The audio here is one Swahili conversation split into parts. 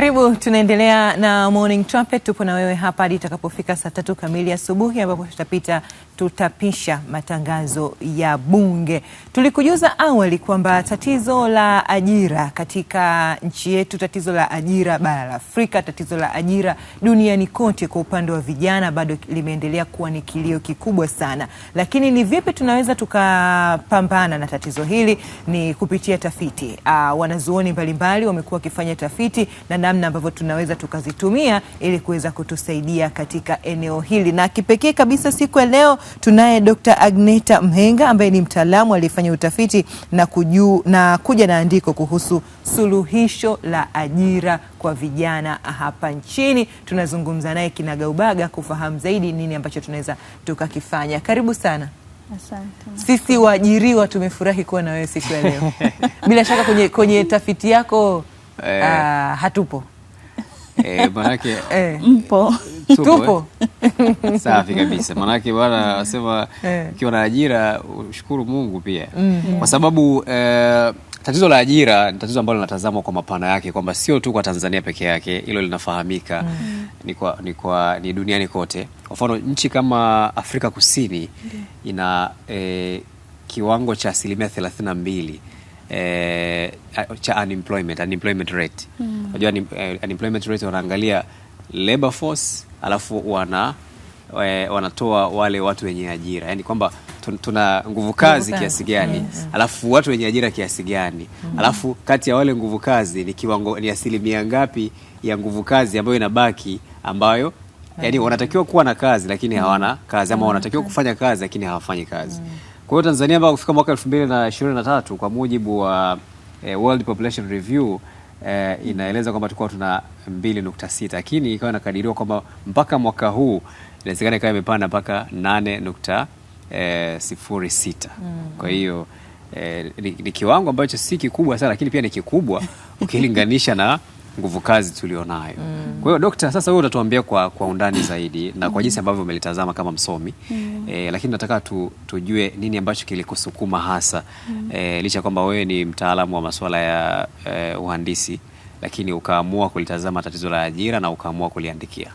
Karibu, tunaendelea na Morning Trumpet. Tupo na wewe hapa hadi itakapofika saa tatu kamili asubuhi ambapo tutapita tutapisha matangazo ya Bunge. Tulikujuza awali kwamba tatizo la ajira katika nchi yetu, tatizo la ajira bara la Afrika, tatizo la ajira duniani kote kwa upande wa vijana bado limeendelea kuwa ni kilio kikubwa sana, lakini ni vipi tunaweza tukapambana na tatizo hili? Ni kupitia tafiti. Ah, wanazuoni mbalimbali wamekuwa wakifanya tafiti na namna ambavyo tunaweza tukazitumia ili kuweza kutusaidia katika eneo hili. Na kipekee kabisa siku ya leo tunaye Dr. Agneta Mhenga ambaye ni mtaalamu aliyefanya utafiti na, kuju, na kuja na andiko kuhusu suluhisho la ajira kwa vijana hapa nchini. Tunazungumza naye kinagaubaga kufahamu zaidi nini ambacho tunaweza tukakifanya. Karibu sana. Asante. Sisi waajiriwa tumefurahi kuwa na wewe siku ya leo bila shaka kwenye, kwenye tafiti yako eh, ah, hatupo eh, manake eh, mpo tupo, eh? tupo. Eh. Safi kabisa manake bwana asema eh, ukiwa na ajira ushukuru Mungu pia mm -hmm. kwa sababu eh, tatizo la ajira ni tatizo ambalo linatazamwa kwa mapana yake kwamba sio tu kwa Tanzania peke yake, hilo linafahamika mm. ni, kwa, ni, kwa, ni duniani kote. Kwa mfano nchi kama Afrika Kusini ina eh, kiwango cha asilimia thelathini na mbili eh, cha unemployment, unemployment rate. Hmm. Unajua uh, unemployment rate wanaangalia labor force alafu wana e, wanatoa wale watu wenye ajira, yaani kwamba tuna nguvu kazi kiasi gani yes. Hmm, hmm. alafu watu wenye ajira kiasi gani mm. alafu kati ya wale nguvu kazi ni kiwango, ni asilimia ngapi ya nguvu kazi ambayo inabaki ambayo yaani wanatakiwa kuwa na kazi lakini hawana kazi ama wanatakiwa kufanya kazi lakini hawafanyi kazi mm. Kwa hiyo Tanzania mpaka kufika mwaka 2023 kwa mujibu wa eh, World Population Review eh, inaeleza kwamba tulikuwa tuna 2.6 lakini ikawa inakadiriwa kwamba mpaka mwaka huu inawezekana ikawa imepanda mpaka 8.06. Eh, mm. Kwa hiyo eh, ni, ni kiwango ambacho si kikubwa sana, lakini pia ni kikubwa ukilinganisha na nguvu kazi tulionayo. Mm. Kwa hiyo Dokta, sasa wewe utatuambia kwa, kwa undani zaidi na kwa jinsi ambavyo umelitazama kama msomi mm. E, lakini nataka tu, tujue nini ambacho kilikusukuma hasa mm. E, licha kwamba wewe ni mtaalamu wa masuala ya e, uhandisi lakini ukaamua kulitazama tatizo la ajira na ukaamua kuliandikia.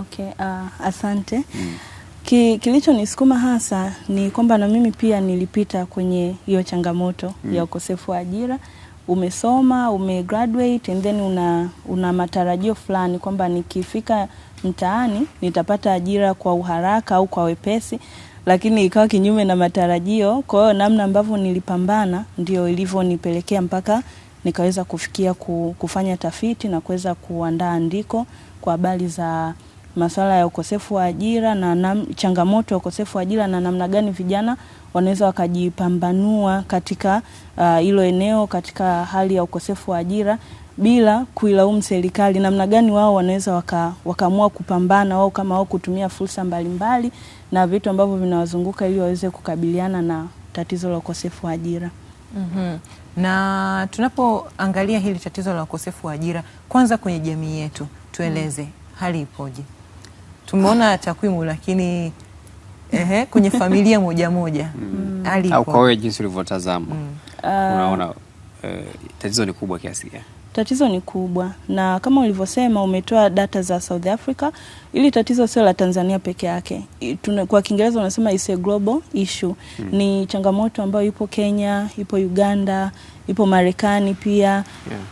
Okay, uh, asante mm. Ki, kilichonisukuma hasa ni kwamba na mimi pia nilipita kwenye hiyo changamoto mm. ya ukosefu wa ajira umesoma graduate and then una, una matarajio fulani kwamba nikifika mtaani nitapata ajira kwa uharaka au kwa wepesi, lakini ikawa kinyume na matarajio. Kwa hiyo namna ambavyo nilipambana ndio ilivyonipelekea mpaka nikaweza kufikia kufanya tafiti na kuweza kuandaa andiko kwa habari za masuala ya ukosefu wa ajira na, na changamoto ya ukosefu wa ajira na namna gani vijana wanaweza wakajipambanua katika uh, hilo uh, eneo katika hali ya ukosefu wa ajira bila kuilaumu serikali, namna gani wao wanaweza waka, wakaamua kupambana wao kama wao kutumia fursa mbalimbali na vitu ambavyo vinawazunguka ili waweze kukabiliana na tatizo la ukosefu wa ajira. Mm -hmm. Na tunapoangalia hili tatizo la ukosefu wa ajira, kwanza kwenye jamii yetu tueleze, mm, hali ipoje? Tumeona takwimu lakini ehe, kwenye familia moja moja mm. alipo au kwa wewe jinsi ulivyotazama mm. unaona uh, tatizo ni kubwa kiasi gani? Tatizo ni kubwa na kama ulivyosema, umetoa data za South Africa, ili tatizo sio la Tanzania peke yake. Kwa Kiingereza unasema is a global issue hmm. Ni changamoto ambayo ipo Kenya, ipo Uganda, ipo Marekani pia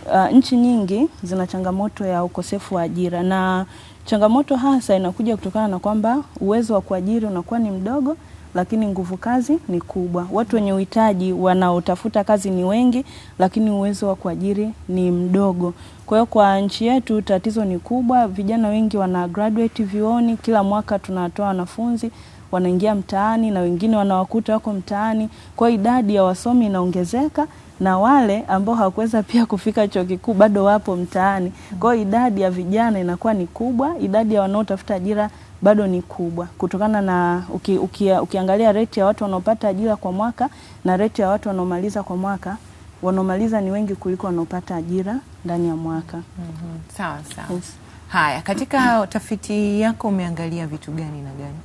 yeah. Uh, nchi nyingi zina changamoto ya ukosefu wa ajira na changamoto hasa inakuja kutokana na kwamba uwezo wa kuajiri unakuwa ni mdogo lakini nguvu kazi ni kubwa. Watu wenye uhitaji wanaotafuta kazi ni wengi, lakini uwezo wa kuajiri ni mdogo. Kwa hiyo kwa nchi yetu tatizo ni kubwa, vijana wengi wana graduate vyuoni, kila mwaka tunatoa wanafunzi wanaingia mtaani na wengine wanawakuta wako mtaani. Kwa idadi ya wasomi inaongezeka na wale ambao hawakuweza pia kufika chuo kikuu bado wapo mtaani. Kwa idadi ya vijana inakuwa ni kubwa, idadi ya wanaotafuta ajira bado ni kubwa kutokana na uki, uki, ukiangalia reti ya watu wanaopata ajira kwa mwaka na reti ya watu wanaomaliza kwa mwaka wanaomaliza ni wengi kuliko wanaopata ajira ndani ya mwaka. mm -hmm. Sawa sawa. Yes. Haya, katika tafiti yako umeangalia vitu gani na gani?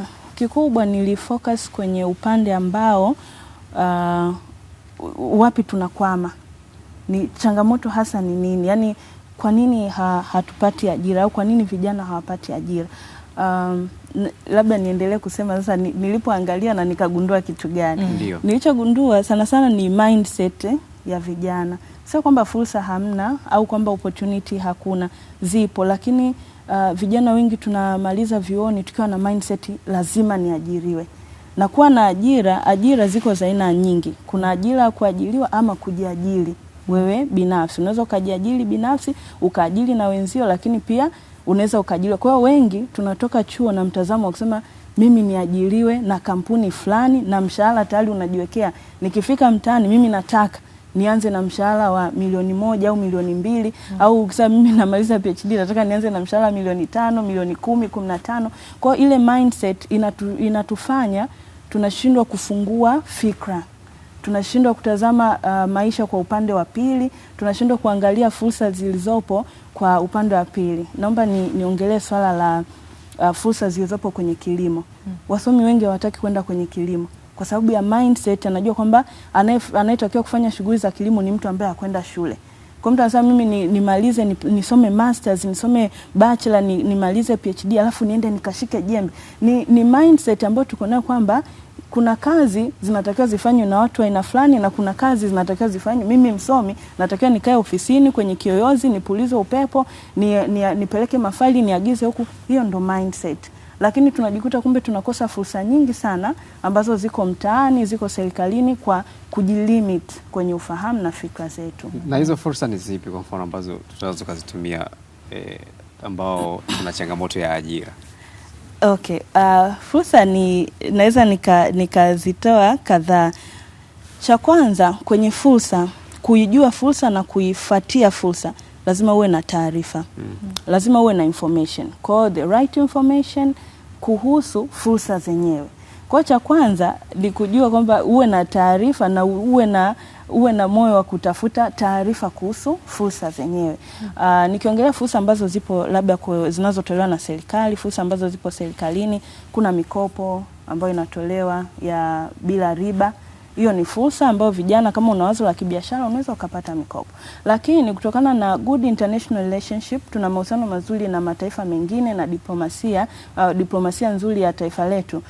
Uh, kikubwa nilifocus kwenye upande ambao uh, wapi tunakwama ni changamoto hasa ni nini, yaani kwa nini ha, hatupati ajira au kwa nini vijana hawapati ajira? Um, labda niendelee kusema sasa nilipoangalia na nikagundua kitu gani? Mm. Nilichogundua sana sana ni mindset ya vijana, sio kwamba fursa hamna au kwamba opportunity hakuna, zipo, lakini uh, vijana wengi tunamaliza vioni tukiwa na mindset lazima niajiriwe na kuwa na ajira. Ajira ziko za aina nyingi, kuna ajira ya kuajiliwa ama kujiajiri wewe binafsi. Unaweza ukajiajiri binafsi, ukaajiri na wenzio, lakini pia unaweza ukaajiriwa. Kwa hiyo wengi tunatoka chuo na mtazamo wa kusema mimi niajiriwe na kampuni fulani, na mshahara tayari unajiwekea. Nikifika mtaani, mimi nataka nianze na mshahara wa milioni moja au milioni mbili mm. au ukisema mimi namaliza PhD nataka nianze na mshahara milioni tano milioni kumi kumi na tano Kwa ile mindset inatu, inatufanya tunashindwa kufungua fikra tunashindwa kutazama uh, maisha kwa upande wa pili, tunashindwa kuangalia fursa zilizopo kwa upande wa pili. Naomba niongelee ni, swala la uh, fursa zilizopo kwenye kilimo. Hmm. Wasomi wengi hawataki kwenda kwenye kilimo kwa sababu ya mindset, anajua kwamba anayetakiwa kufanya shughuli za kilimo ni mtu ambaye akwenda shule. Kwa mtu anasema mimi nimalize ni nisome ni masters, nisome bachelor, nimalize ni PhD alafu niende nikashike jembe. Ni, ni mindset ambayo tuko nayo kwamba kuna kazi zinatakiwa zifanywe na watu aina fulani na kuna kazi zinatakiwa zifanywe. Mimi msomi natakiwa nikae ofisini kwenye kiyoyozi nipulize upepo ni, ni, nipeleke mafaili niagize huku. Hiyo ndo mindset, lakini tunajikuta kumbe tunakosa fursa nyingi sana ambazo ziko mtaani, ziko serikalini kwa kujilimit kwenye ufahamu na fikra zetu. Na hizo fursa ni zipi kwa mfano ambazo tutaweza tukazitumia eh, ambao tuna changamoto ya ajira? Okay, uh, fursa ni naweza nikazitoa nika kadhaa. Cha kwanza kwenye fursa, kuijua fursa na kuifuatia fursa lazima uwe na taarifa mm. Lazima uwe na information, kwa the right information kuhusu fursa zenyewe. Kwa cha kwanza ni kujua kwamba uwe na taarifa na uwe na uwe na moyo wa kutafuta taarifa kuhusu fursa zenyewe. Uh, nikiongelea fursa ambazo zipo labda zinazotolewa na serikali, fursa ambazo zipo serikalini, kuna mikopo ambayo inatolewa ya bila riba hiyo ni fursa ambayo vijana kama una wazo la kibiashara unaweza ukapata mikopo, lakini kutokana na good international relationship, tuna mahusiano mazuri na mataifa mengine na diplomasia uh, diplomasia nzuri ya taifa letu,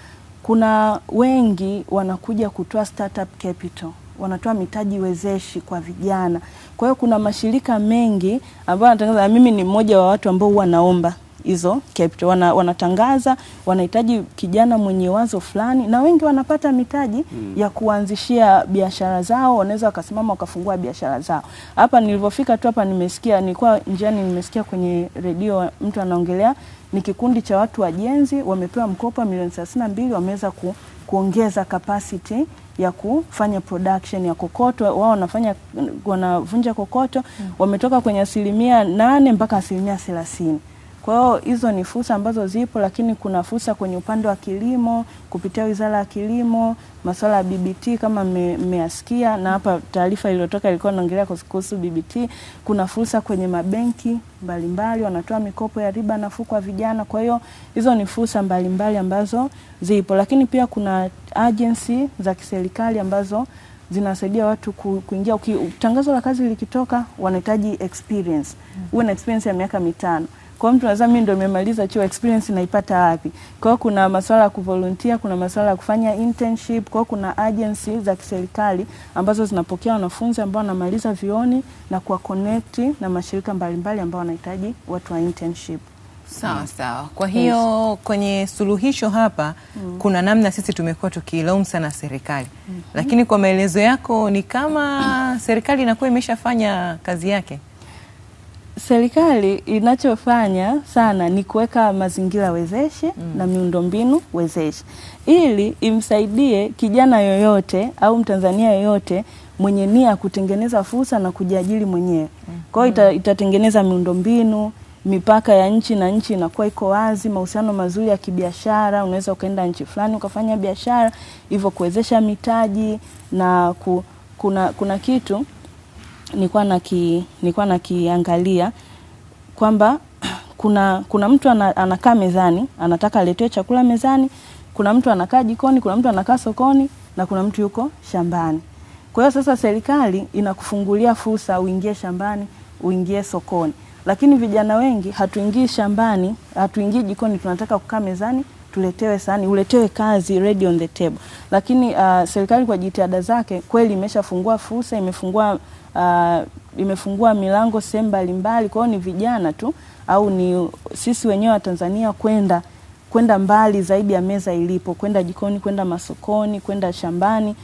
kuna wengi wanakuja kutoa startup capital wanatoa mitaji wezeshi kwa vijana. Kwa hiyo kuna mashirika mengi ambayo yanatangaza, mimi ni mmoja wa watu ambao huwa naomba hizo capital wana, wanatangaza wanahitaji kijana mwenye wazo fulani, na wengi wanapata mitaji mm. ya kuanzishia biashara zao, wanaweza wakasimama wakafungua biashara zao. Hapa nilivyofika tu hapa nimesikia, nilikuwa njiani nimesikia kwenye redio mtu anaongelea ni kikundi cha watu wajenzi wamepewa mkopo milioni thelathini na mbili wameweza ku, kuongeza capacity ya kufanya production ya kokoto. Wao wanafanya wanavunja kokoto, hmm. wametoka kwenye asilimia nane mpaka asilimia thelathini. Kwa hiyo hizo ni fursa ambazo zipo, lakini kuna fursa kwenye upande wa kilimo kupitia Wizara ya Kilimo, masuala ya BBT kama mmeyasikia, na hapa taarifa iliyotoka ilikuwa inaongelea kuhusu BBT. Kuna fursa kwenye mabenki mbalimbali, wanatoa mikopo ya riba nafuu kwa vijana. Kwa hiyo hizo ni fursa mbalimbali ambazo zipo, lakini pia kuna agency za kiserikali ambazo zinasaidia watu kuingia. Tangazo la kazi likitoka, wanahitaji experience, uwe na experience ya miaka mitano kwa mtu anasema mimi ndo nimemaliza chuo, experience naipata wapi? Kwa hiyo kuna masuala ya kuvolunteer, kuna masuala ya kufanya internship, kwa hiyo kuna agency za kiserikali ambazo zinapokea wanafunzi ambao wanamaliza vioni na kuwa connect na mashirika mbalimbali ambao wanahitaji watu wa internship. Sawa mm. sawa. Kwa hiyo yes, kwenye suluhisho hapa mm, kuna namna sisi tumekuwa tukilaumu sana serikali mm -hmm, lakini kwa maelezo yako ni kama serikali inakuwa imeshafanya kazi yake. Serikali inachofanya sana ni kuweka mazingira wezeshi mm. na miundombinu wezeshi ili imsaidie kijana yoyote au Mtanzania yoyote mwenye nia kutengeneza fursa na kujiajiri mwenyewe. Mm. Kwa hiyo ita, mm. itatengeneza miundombinu, mipaka ya nchi na nchi inakuwa iko wazi, mahusiano mazuri ya kibiashara, unaweza ukaenda nchi fulani ukafanya biashara, hivyo kuwezesha mitaji na ku, kuna, kuna kitu nilikuwa naki, nilikuwa nakiangalia kwamba kuna, kuna mtu anakaa mezani anataka aletewe chakula mezani, kuna mtu anakaa jikoni, kuna mtu anakaa sokoni na kuna mtu yuko shambani. Kwa hiyo sasa serikali inakufungulia fursa uingie shambani, uingie sokoni, lakini vijana wengi hatuingii shambani, hatuingii jikoni, tunataka kukaa mezani tuletewe sani, uletewe kazi ready on the table. Lakini uh, serikali kwa jitihada zake kweli imeshafungua fursa, imefungua uh, imefungua milango sehemu mbalimbali. Kwa hiyo ni vijana tu au ni sisi wenyewe wa Tanzania kwenda kwenda mbali zaidi ya meza ilipo, kwenda jikoni, kwenda masokoni, kwenda shambani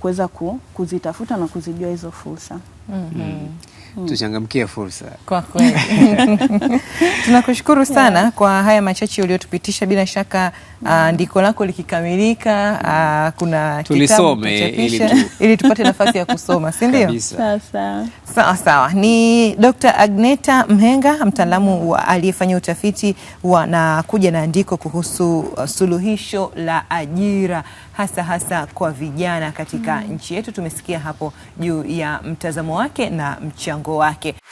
kuweza kuzitafuta na kuzijua hizo fursa. mm -hmm mm. tuchangamkie fursa kwa kweli. Tunakushukuru sana kwa haya machache uliotupitisha, bila shaka uh, ah, ndiko lako likikamilika uh, kuna tulisome ili tupate nafasi ya kusoma si ndio? Sawa sawa. Ni Dr. Agneta Mhenga mtaalamu aliyefanya utafiti na kuja na andiko kuhusu uh, suluhisho la ajira hasa hasa kwa vijana katika mm. nchi yetu. Tumesikia hapo juu ya mtazamo wake na mchango wake.